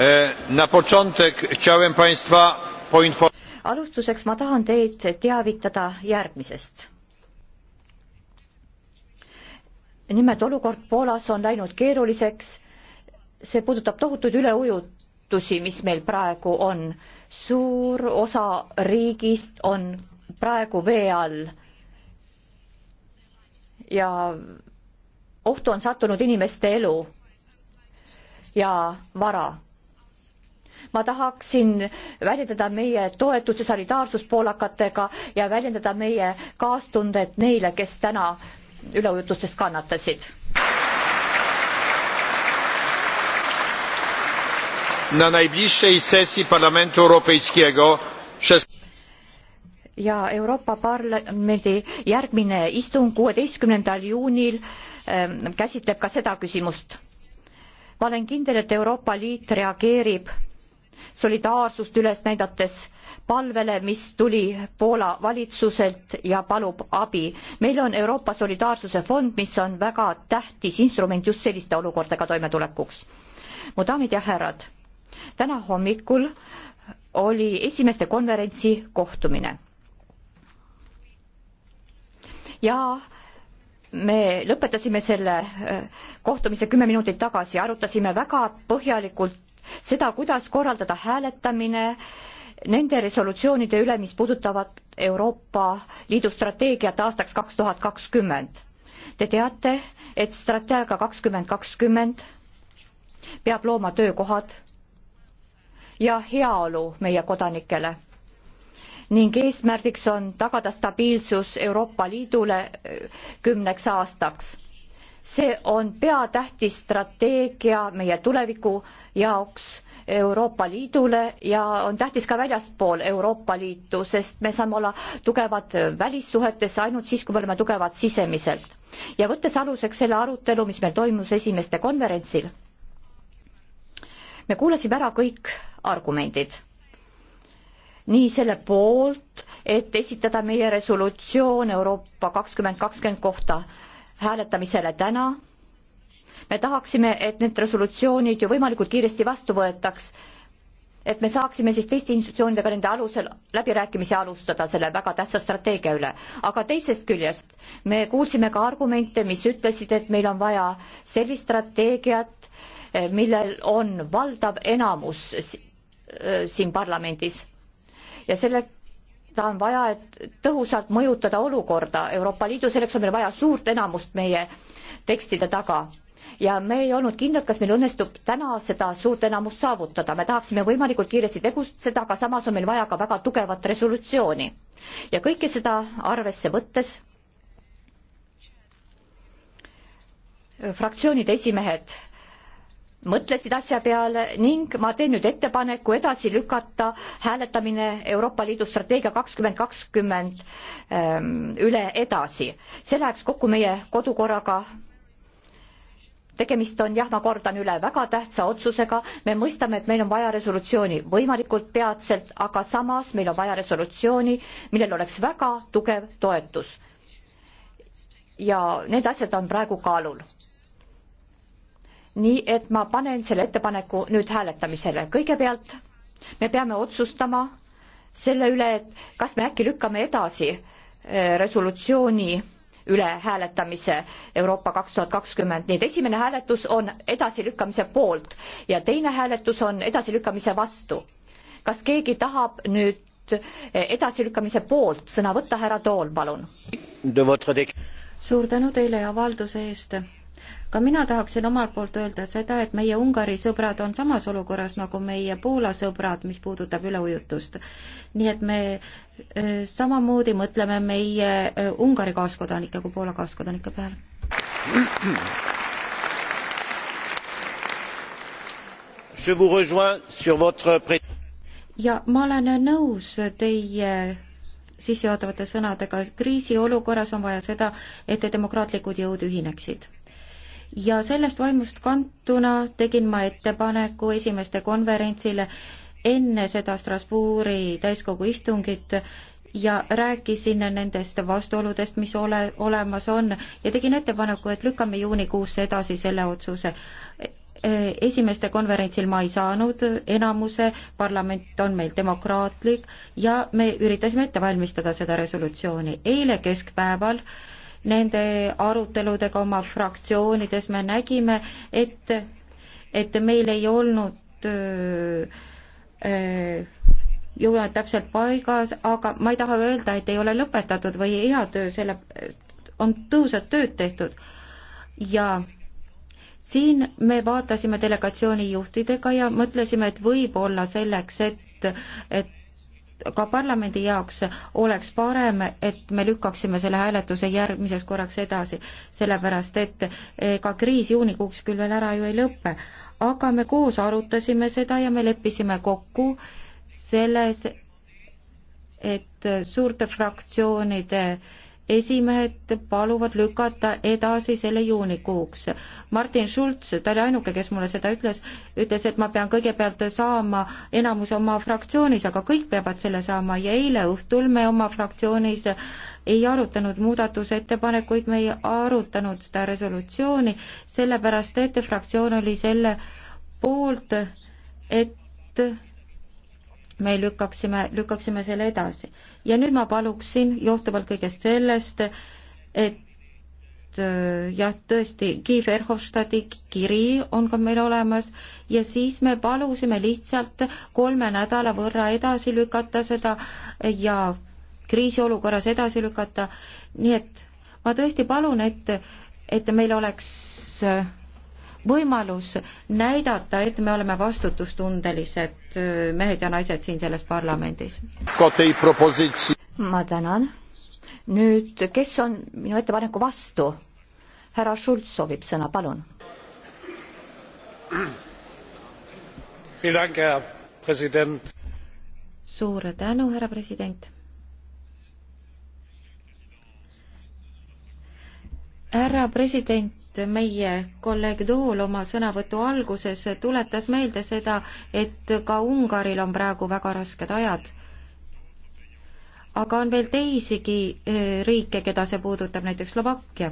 E, na początek chciałem Państwa poinformować. alustuseks ma tahan teid teavitada järgmisest. nimelt olukord Poolas on läinud keeruliseks. see puudutab tohutuid üleujutusi, mis meil praegu on. suur osa riigist on praegu vee all. ja ohtu on sattunud inimeste elu ja vara ma tahaksin väljendada meie toetust ja solidaarsust poolakatega ja väljendada meie kaastundet neile, kes täna üleujutustest kannatasid. na najbliższej sesji Parlamentu Europejskiego ja Euroopa Parlamendi järgmine istung kuueteistkümnendal juunil ähm, käsitleb ka seda küsimust. ma olen kindel, et Euroopa Liit reageerib solidaarsust üles näidates palvele, mis tuli Poola valitsuselt ja palub abi. meil on Euroopa Solidaarsuse Fond, mis on väga tähtis instrument just selliste olukordadega toimetulekuks. mu daamid ja härrad, täna hommikul oli esimeste konverentsi kohtumine. ja me lõpetasime selle äh, kohtumise kümme minutit tagasi, arutasime väga põhjalikult seda, kuidas korraldada hääletamine nende resolutsioonide üle, mis puudutavad Euroopa Liidu strateegiat aastaks kaks tuhat kakskümmend. Te teate, et strateegia kakskümmend kakskümmend peab looma töökohad ja heaolu meie kodanikele ning eesmärgiks on tagada stabiilsus Euroopa Liidule äh, kümneks aastaks see on peatähtis strateegia meie tuleviku jaoks Euroopa Liidule ja on tähtis ka väljaspool Euroopa Liitu, sest me saame olla tugevad välissuhetes ainult siis, kui me oleme tugevad sisemiselt. ja võttes aluseks selle arutelu, mis meil toimus esimeste konverentsil, me kuulasime ära kõik argumendid. nii selle poolt, et esitada meie resolutsioon Euroopa kakskümmend kakskümmend kohta hääletamisele täna. me tahaksime, et need resolutsioonid ju võimalikult kiiresti vastu võetaks, et me saaksime siis teiste institutsioonidega nende alusel läbirääkimisi alustada selle väga tähtsa strateegia üle. aga teisest küljest me kuulsime ka argumente, mis ütlesid, et meil on vaja sellist strateegiat, millel on valdav enamus siin parlamendis ja selle ta on vaja, et tõhusalt mõjutada olukorda Euroopa Liidu, selleks on meil vaja suurt enamust meie tekstide taga. ja me ei olnud kindlad, kas meil õnnestub täna seda suurt enamust saavutada, me tahaksime võimalikult kiiresti tegutseda, aga samas on meil vaja ka väga tugevat resolutsiooni. ja kõike seda arvesse võttes fraktsioonide esimehed mõtlesid asja peale ning ma teen nüüd ettepaneku edasi lükata hääletamine Euroopa Liidu strateegia kakskümmend kakskümmend ähm, üle edasi. see läheks kokku meie kodukorraga. tegemist on jah, ma kordan üle, väga tähtsa otsusega. me mõistame, et meil on vaja resolutsiooni võimalikult peatselt, aga samas meil on vaja resolutsiooni, millel oleks väga tugev toetus. ja need asjad on praegu kaalul nii et ma panen selle ettepaneku nüüd hääletamisele. kõigepealt me peame otsustama selle üle, et kas me äkki lükkame edasi äh, resolutsiooni üle hääletamise Euroopa kaks tuhat kakskümmend, nii et esimene hääletus on edasilükkamise poolt ja teine hääletus on edasilükkamise vastu. kas keegi tahab nüüd äh, edasilükkamise poolt sõna võtta, härra Tool, palun? suur tänu teile avalduse eest ka mina tahaksin omalt poolt öelda seda, et meie Ungari sõbrad on samas olukorras nagu meie Poola sõbrad, mis puudutab üleujutust. nii et me e, samamoodi mõtleme meie e, Ungari kaaskodanike kui Poola kaaskodanike peale. Votre... ja ma olen nõus teie sissejuhatavate sõnadega, kriisiolukorras on vaja seda, et demokraatlikud jõud ühineksid ja sellest vaimust kantuna tegin ma ettepaneku esimeste konverentsile enne seda Strasbourgi täiskogu istungit ja rääkisin nendest vastuoludest, mis ole, olemas on ja tegin ettepaneku, et lükkame juunikuusse edasi selle otsuse. E, esimeste konverentsil ma ei saanud enamuse, parlament on meil demokraatlik ja me üritasime ette valmistada seda resolutsiooni. eile keskpäeval äh, nende aruteludega oma fraktsioonides me nägime, et, et meil ei olnud äh, äh, jõuavad täpselt paigas, aga ma ei taha öelda, et ei ole lõpetatud või hea töö, selle, on tõhusat tööd tehtud. ja siin me vaatasime delegatsiooni juhtidega ja mõtlesime, et võib-olla selleks, et, et ka parlamendi jaoks oleks parem, et me lükkaksime selle hääletuse järgmiseks korraks edasi, sellepärast et ega eh, kriis juunikuuks küll veel ära ju ei lõpe. aga me koos arutasime seda ja me leppisime kokku selles, et suurte fraktsioonide äh, esimehed paluvad lükata edasi selle juunikuuks. Martin Schulz, ta oli ainuke, kes mulle seda ütles, ütles, et ma pean kõigepealt saama enamus oma fraktsioonis, aga kõik peavad selle saama ja eile õhtul me oma fraktsioonis ei arutanud muudatusettepanekuid, me ei arutanud seda resolutsiooni, sellepärast et fraktsioon oli selle poolt, et me lükkaksime, lükkaksime selle edasi ja nüüd ma paluksin johtuvalt kõigest sellest, et äh, jah, tõesti, Guy Verhofstadti kiri on ka meil olemas ja siis me palusime lihtsalt kolme nädala võrra edasi lükata seda ja kriisiolukorras edasi lükata, nii et ma tõesti palun, et, et meil oleks äh, võimalus näidata, et me oleme vastutustundelised äh, mehed ja naised siin selles parlamendis. ma tänan. nüüd, kes on minu ettepaneku vastu? härra Schulz soovib sõna, palun. suur tänu, härra president härra president, et meie kolleeg Tool oma sõnavõtu alguses tuletas meelde seda, et ka Ungaril on praegu väga rasked ajad. aga on veel teisigi eh, riike, keda see puudutab, näiteks Slovakkia.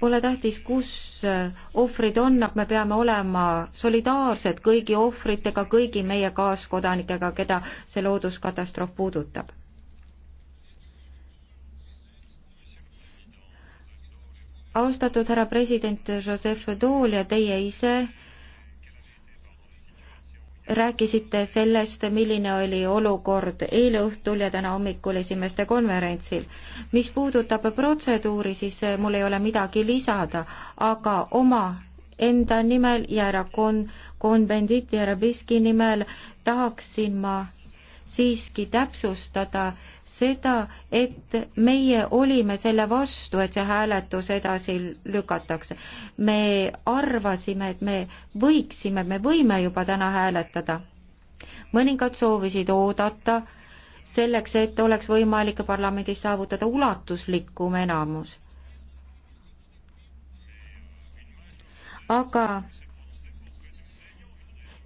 Pole tähtis, kus eh, ohvrid on, aga me peame olema solidaarsed kõigi ohvritega, kõigi meie kaaskodanikega, keda see looduskatastroof puudutab austatud härra president Joseph Dool ja teie ise rääkisite sellest, milline oli olukord eile õhtul ja täna hommikul esimeste konverentsil. mis puudutab protseduuri, siis mul ei ole midagi lisada, aga oma enda nimel ja härra kon-, konvenditi härra Biski nimel tahaksin ma siiski täpsustada seda, et meie olime selle vastu, et see hääletus edasi lükatakse. me arvasime, et me võiksime, me võime juba täna hääletada. mõningad soovisid oodata selleks, et oleks võimalik parlamendis saavutada ulatuslikum enamus. aga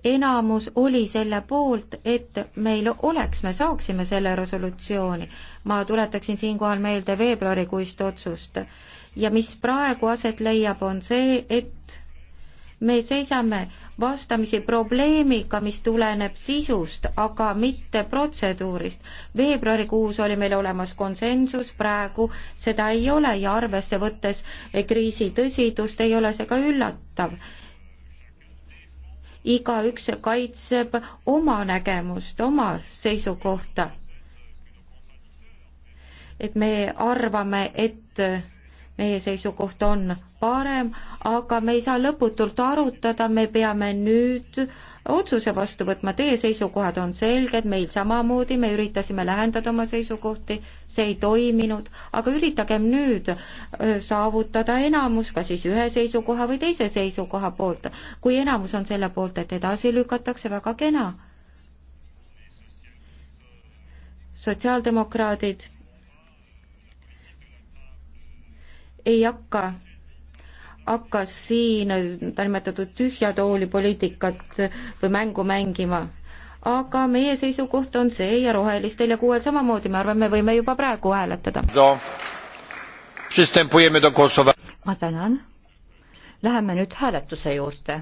enamus oli selle poolt, et meil oleks, me saaksime selle resolutsiooni. ma tuletaksin siinkohal meelde veebruarikuist otsust. ja mis praegu aset leiab, on see, et me seisame vastamisi probleemiga, mis tuleneb sisust, aga mitte protseduurist. veebruarikuus oli meil olemas konsensus, praegu seda ei ole ja arvesse võttes kriisi tõsidust ei ole see ka üllatav igaüks kaitseb oma nägemust, oma seisukohta. et me arvame, et meie seisukoht on parem, aga me ei saa lõputult arutada, me peame nüüd otsuse vastu võtma, teie seisukohad on selged, meil samamoodi, me üritasime lähendada oma seisukohti, see ei toiminud, aga üritagem nüüd äh, saavutada enamus, kas siis ühe seisukoha või teise seisukoha poolt. kui enamus on selle poolt, et edasi lükatakse, väga kena. sotsiaaldemokraadid ei hakka, hakka siin niinimetatud tühja tooli poliitikat või mängu mängima. aga meie seisukoht on see ja rohelistel ja kuuel samamoodi, ma arvan, me võime juba praegu hääletada no.. ma tänan. Läheme nüüd hääletuse juurde.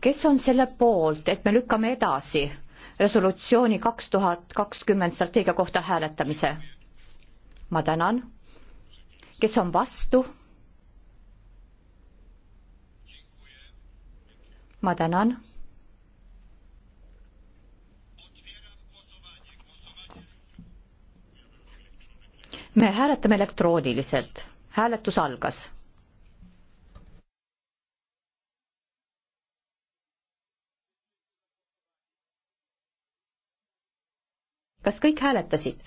kes on selle poolt, et me lükkame edasi resolutsiooni kaks tuhat kakskümmend strateegia kohta hääletamise? ma tänan kes on vastu? ma tänan. me hääletame elektrooniliselt, hääletus algas kas kõik hääletasid?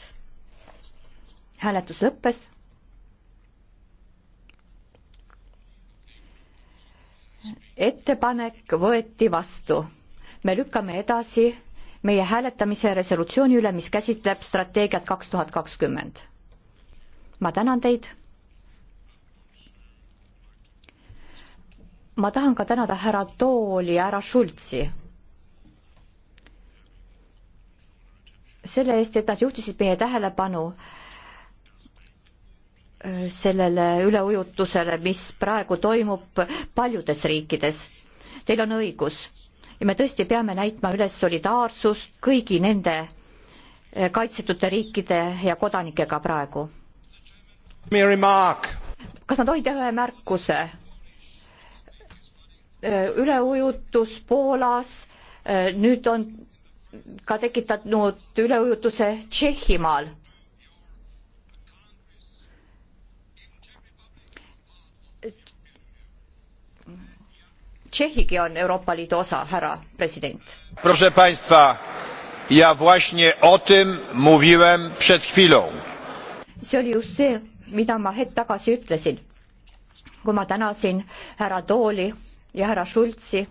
hääletus lõppes ettepanek võeti vastu. me lükkame edasi meie hääletamise resolutsiooni üle, mis käsitleb strateegiat kaks tuhat kakskümmend. ma tänan teid. ma tahan ka tänada härra Tooli ja härra Schultzi selle eest, et nad juhtisid meie tähelepanu äh, sellele üleujutusele, mis praegu toimub paljudes riikides. Teil on õigus ja me tõesti peame näitma üles solidaarsust kõigi nende eh, kaitsetute riikide ja kodanikega praegu. kas ma tohin teha ühe märkuse? Eh, üleujutus Poolas, eh, nüüd on ka tekitanud üleujutuse Tšehhimaal Tšehhigi on Euroopa Liidu osa, härra president. Proszę państwa, ja właśnie o tym mówiłem przed chwilą. see oli just see, mida ma hetk tagasi ütlesin, kui ma tänasin härra Tooli ja härra Schultzi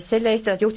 selle eest, et nad juhtisid